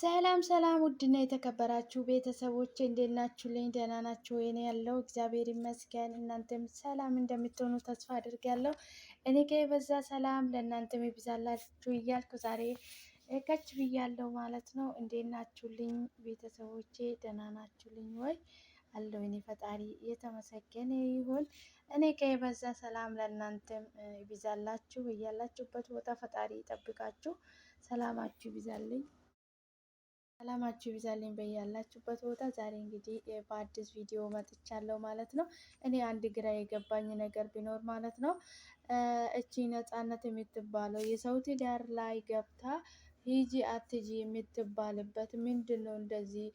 ሰላም ሰላም፣ ውድና የተከበራችሁ ቤተሰቦች እንዴት ናችሁልኝ? ደህና ናችሁ ወይ? እኔ ያለው እግዚአብሔር ይመስገን፣ እናንተም ሰላም እንደምትሆኑ ተስፋ አድርጋለሁ። እኔ ጋ የበዛ ሰላም ለእናንተም ይብዛላችሁ እያልኩ ዛሬ ከች ብያለሁ ማለት ነው። እንዴት ናችሁልኝ ቤተሰቦቼ? ደህና ናችሁልኝ ወይ? አለው እኔ ፈጣሪ የተመሰገነ ይሁን። እኔ ጋ የበዛ ሰላም ለእናንተም ይብዛላችሁ፣ እያላችሁበት ቦታ ፈጣሪ ይጠብቃችሁ፣ ሰላማችሁ ይብዛልኝ። ሰላማችሁ ይብዛልኝ በያላችሁበት ቦታ። ዛሬ እንግዲህ በአዲስ ቪዲዮ መጥቻለሁ ማለት ነው። እኔ አንድ ግራ የገባኝ ነገር ቢኖር ማለት ነው እቺ ነፃነት የምትባለው የሰው ትዳር ላይ ገብታ ሂጂ አትጂ የምትባልበት ምንድን ነው? እንደዚህ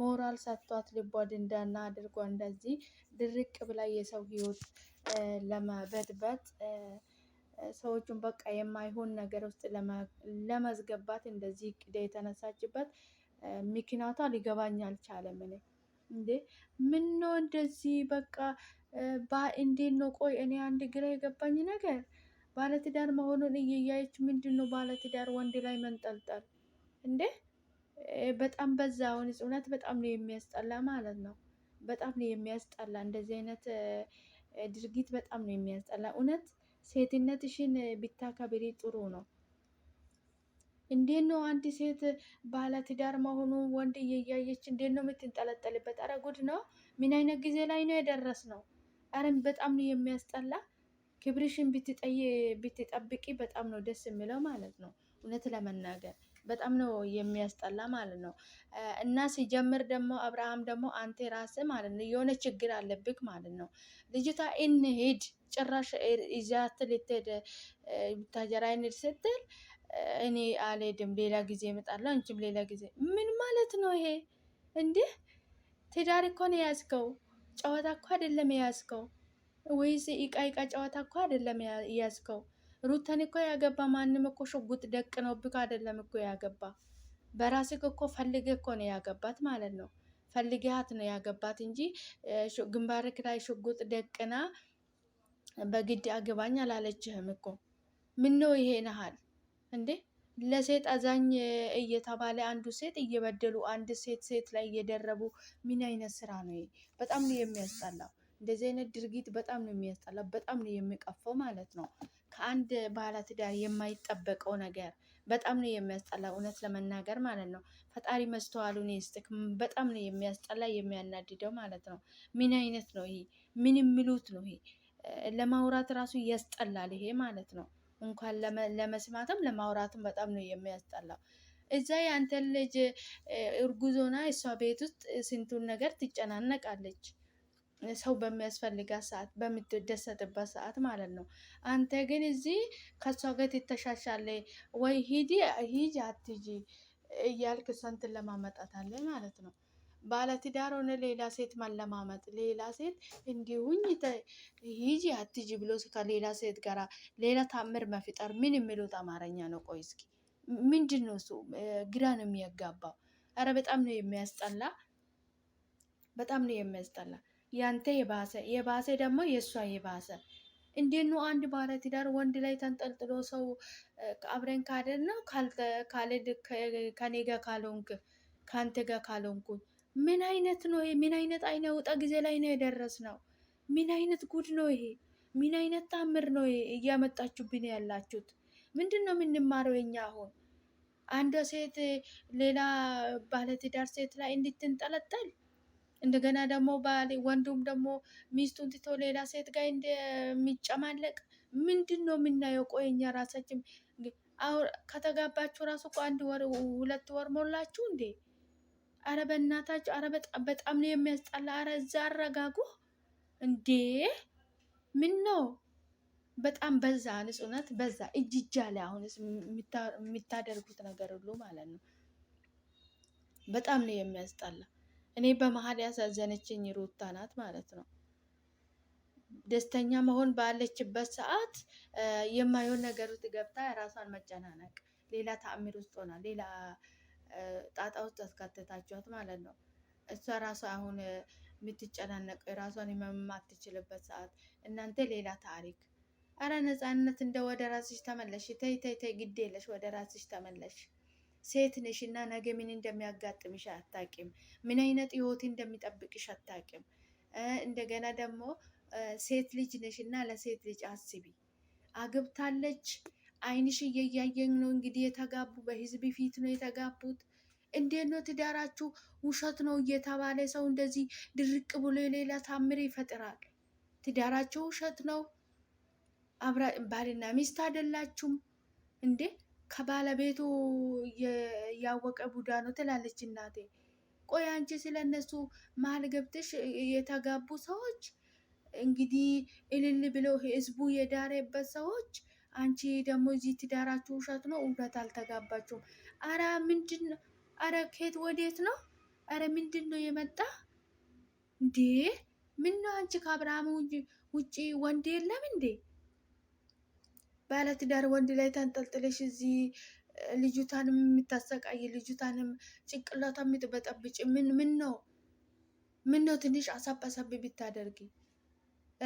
ሞራል ሰጥቷት ልቧ ድንዳና አድርጓ እንደዚህ ድርቅ ብላ የሰው ህይወት ለመበጥበጥ ሰዎቹን በቃ የማይሆን ነገር ውስጥ ለመዝገባት እንደዚህ ቅዳ የተነሳችበት ምክንያቷ ሊገባኝ አልቻለም። እኔ እንዴ ምን ነው እንደዚህ በቃ እንዴት ነው? ቆይ እኔ አንድ ግራ የገባኝ ነገር ባለትዳር መሆኑን እየያየች ምንድን ነው ባለትዳር ወንድ ላይ መንጠልጠል እንዴ? በጣም በዛ። አሁን እውነት በጣም ነው የሚያስጠላ ማለት ነው። በጣም ነው የሚያስጠላ። እንደዚህ አይነት ድርጊት በጣም ነው የሚያስጠላ። እውነት ሴትነትሽን ብታከብሪ ጥሩ ነው። እንዴት ነው አንድ ሴት ባለትዳር መሆኑ ወንድ እየያየች እንዴት ነው የምትንጠለጠልበት? አረ ጉድ ነው። ምን አይነት ጊዜ ላይ ነው የደረስ ነው? ኧረም በጣም ነው የሚያስጠላ። ክብርሽን ብትጠብቂ በጣም ነው ደስ የሚለው ማለት ነው። እውነት ለመናገር በጣም ነው የሚያስጠላ ማለት ነው። እና ሲጀምር ደግሞ አብርሃም ደግሞ አንተ ራስ ማለት ነው የሆነ ችግር አለብክ ማለት ነው። ልጅቷ እንሂድ ጭራሽ ይዛት ልትሄድ ስትል እኔ አልሄድም፣ ሌላ ጊዜ እመጣለሁ፣ አንቺም ሌላ ጊዜ። ምን ማለት ነው ይሄ? እንዲህ ትዳር እኮ ነው የያዝከው፣ ጨዋታ እኮ አይደለም የያዝከው። ወይስ ይቃይቃ ጨዋታ እኮ አይደለም የያዝከው። ሩተን እኮ ያገባ ማንም እኮ ሽጉጥ ደቅ ነው ብክ አይደለም እኮ ያገባ። በራስህ እኮ ፈልግ እኮ ነው ያገባት ማለት ነው። ፈልግሃት ነው ያገባት እንጂ ግንባርክ ላይ ሽጉጥ ደቅና በግድ አገባኝ አላለችህም እኮ። ምን ነው ይሄ ነሃል እንዴ ለሴት አዛኝ እየተባለ አንዱ ሴት እየበደሉ አንድ ሴት ሴት ላይ እየደረቡ ምን አይነት ስራ ነው? በጣም ነው የሚያስጠላው። እንደዚህ አይነት ድርጊት በጣም ነው የሚያስጠላ፣ በጣም ነው የሚቀፈው ማለት ነው። ከአንድ ባለትዳር የማይጠበቀው ነገር በጣም ነው የሚያስጠላ፣ እውነት ለመናገር ማለት ነው። ፈጣሪ መስተዋሉን ይስጥክ። በጣም ነው የሚያስጠላ የሚያናድደው ማለት ነው። ምን አይነት ነው ይሄ? ምን የሚሉት ነው ይሄ? ለማውራት ራሱ ያስጠላል ይሄ ማለት ነው። እንኳን ለመስማትም ለማውራትም በጣም ነው የሚያስጠላው። እዛ ያንተን ልጅ እርጉዞና እሷ ቤት ውስጥ ስንቱን ነገር ትጨናነቃለች። ሰው በሚያስፈልጋት ሰዓት በምትደሰትበት ሰዓት ማለት ነው። አንተ ግን እዚህ ከእሷ ጋር ትተሻሻለ ወይ ሂጂ ሂጂ አትሂጂ እያልክ እሷን ትለማመጣታለህ ማለት ነው። ባለትዳር ሆነ ሌላ ሴት ማለማመጥ ሌላ ሴት እንዲሁኝ ሂጂ አትጂ ብሎ ከሌላ ሴት ጋር ሌላ ታምር መፍጠር ምን የሚሉት አማርኛ ነው? ቆይ እስኪ ምንድን ነው እሱ? ግራ ነው የሚያጋባው። ኧረ በጣም ነው የሚያስጠላ፣ በጣም ነው የሚያስጠላ። ያንተ የባሰ የባሰ ደግሞ የእሷ የባሰ እንዴት ነው አንድ ባለትዳር ወንድ ላይ ተንጠልጥሎ ሰው አብረን ካደር ነው ከኔ ጋ ካልሆንክ ከአንተ ጋ ካልሆንኩኝ ምን አይነት ነው ይሄ? ምን አይነት አይነ ውጣ ጊዜ ላይ ነው የደረስ ነው? ምን አይነት ጉድ ነው ይሄ? ምን አይነት ታምር ነው እያመጣችሁብን ያላችሁት? ምንድን ነው የምንማረው የኛ? አሁን አንዷ ሴት ሌላ ባለትዳር ሴት ላይ እንድትንጠለጠል እንደገና ደግሞ ወንዱም ደግሞ ሚስቱን ትቶ ሌላ ሴት ጋር እንደሚጨማለቅ ምንድን ነው የምናየው? ቆይ እኛ ራሳችን ከተጋባችሁ ራሱ እኮ አንድ ወር ሁለት ወር ሞላችሁ እንዴ? አረ በእናታችሁ፣ አረ በጣም ነው የሚያስጠላ። አረ እዛ አረጋጉ እንዴ! ምን ነው በጣም በዛ። ንጹነት በዛ እጅ ላይ አሁን የሚታደርጉት ነገር ሁሉ ማለት ነው። በጣም ነው የሚያስጠላ። እኔ በመሀል ያሳዘነችኝ ሩታ ናት ማለት ነው። ደስተኛ መሆን ባለችበት ሰዓት የማይሆን ነገር ውስጥ ገብታ ራሷን መጨናነቅ ሌላ ተአምር ውስጥ ሆና ሌላ ጣጣ ውስጥ አስካተታችኋት ማለት ነው። እሷ ራሷ አሁን የምትጨናነቀው የራሷን የማትችልበት ሰዓት፣ እናንተ ሌላ ታሪክ። አረ ነፃነት፣ እንደ ወደ ራስሽ ተመለሽ። ተይ ተይ ተይ፣ ግድ የለሽ ወደ ራስሽ ተመለሽ። ሴት ነሽ እና ነገ ምን እንደሚያጋጥምሽ አታቂም። ምን አይነት ህይወት እንደሚጠብቅሽ አታቂም። እንደገና ደግሞ ሴት ልጅ ነሽ እና ለሴት ልጅ አስቢ። አግብታለች አይንሽ እያየኝ ነው እንግዲህ የተጋቡ በህዝብ ፊት ነው የተጋቡት። እንዴት ነው ትዳራችሁ ውሸት ነው እየተባለ ሰው እንደዚህ ድርቅ ብሎ የሌላ ታምር ይፈጥራል። ትዳራቸው ውሸት ነው። አብራ ባልና ሚስት አይደላችሁም እንዴ? ከባለቤቱ ያወቀ ቡዳ ነው ትላለች እናቴ። ቆይ አንቺ ስለ እነሱ መሀል ገብተሽ የተጋቡ ሰዎች እንግዲህ እልል ብለው ህዝቡ የዳረበት ሰዎች አንቺ ደግሞ እዚህ ትዳራችሁ ውሸት ነው፣ እውነት አልተጋባችሁም። አረ ምንድን ነው? አረ ከየት ወዴት ነው? አረ ምንድን ነው የመጣ እንዴ? ምን ነው አንቺ ከአብርሃም ውጪ ወንድ የለም እንዴ? ባለትዳር ወንድ ላይ ተንጠልጥለሽ እዚህ ልጅቷንም የምታሰቃይ ልጅቷንም ጭንቅላቷ የምትበጠብጭ ምን ምን ነው ምን ነው? ትንሽ አሳብ አሳብ ብታደርጊ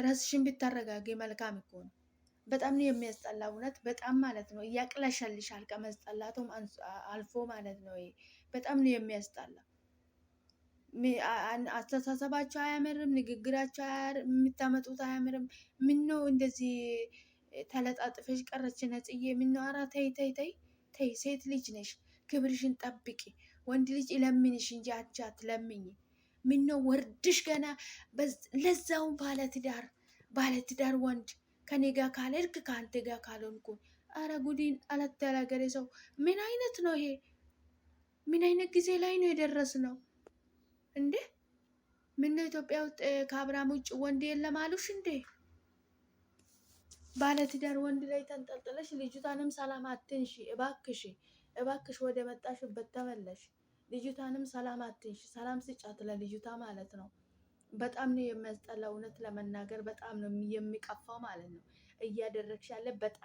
ራስሽን ብታረጋጊ መልካም እኮ ነው። በጣም ነው የሚያስጠላ። እውነት በጣም ማለት ነው እያቅለሸልሻል፣ ከመስጠላቱም አልፎ ማለት ነው። በጣም ነው የሚያስጠላ። አስተሳሰባቸው አያምርም፣ ንግግራቸው የምታመጡት አያምርም። ምን ነው እንደዚህ ተለጣጥፈሽ ቀረች ነጽዬ? ምን ነው ኧረ ተይ ተይ ተይ ተይ፣ ሴት ልጅ ነሽ፣ ክብርሽን ጠብቂ። ወንድ ልጅ ለምንሽ እንጂ አንቺ አትለምኝ። ምን ነው ወርድሽ ገና ለዛውን ባለትዳር ባለትዳር ወንድ ከኔ ጋር ካልሄድክ ከአንተ ጋር ካልሆንኩኝ። አረ ጉዲን አለት ያላገሬ ሰው ምን አይነት ነው ይሄ? ምን አይነት ጊዜ ላይ ነው የደረስ ነው እንዴ? ምነው ኢትዮጵያ ውስጥ ከአብርሃም ውጭ ወንድ የለም አሉሽ እንዴ? ባለትዳር ወንድ ላይ ተንጠልጥለሽ ልጅቷንም ሰላም አትንሺ እባክሽ፣ እባክሽ ወደ መጣሽበት ተመለሽ። ልጅቷንም ሰላም አትንሺ፣ ሰላም ስጫት ለልጅቷ ማለት ነው። በጣም ነው የሚያስጠላ። እውነት ለመናገር በጣም ነው የሚቀፋው ማለት ነው እያደረግሽ ያለ በጣም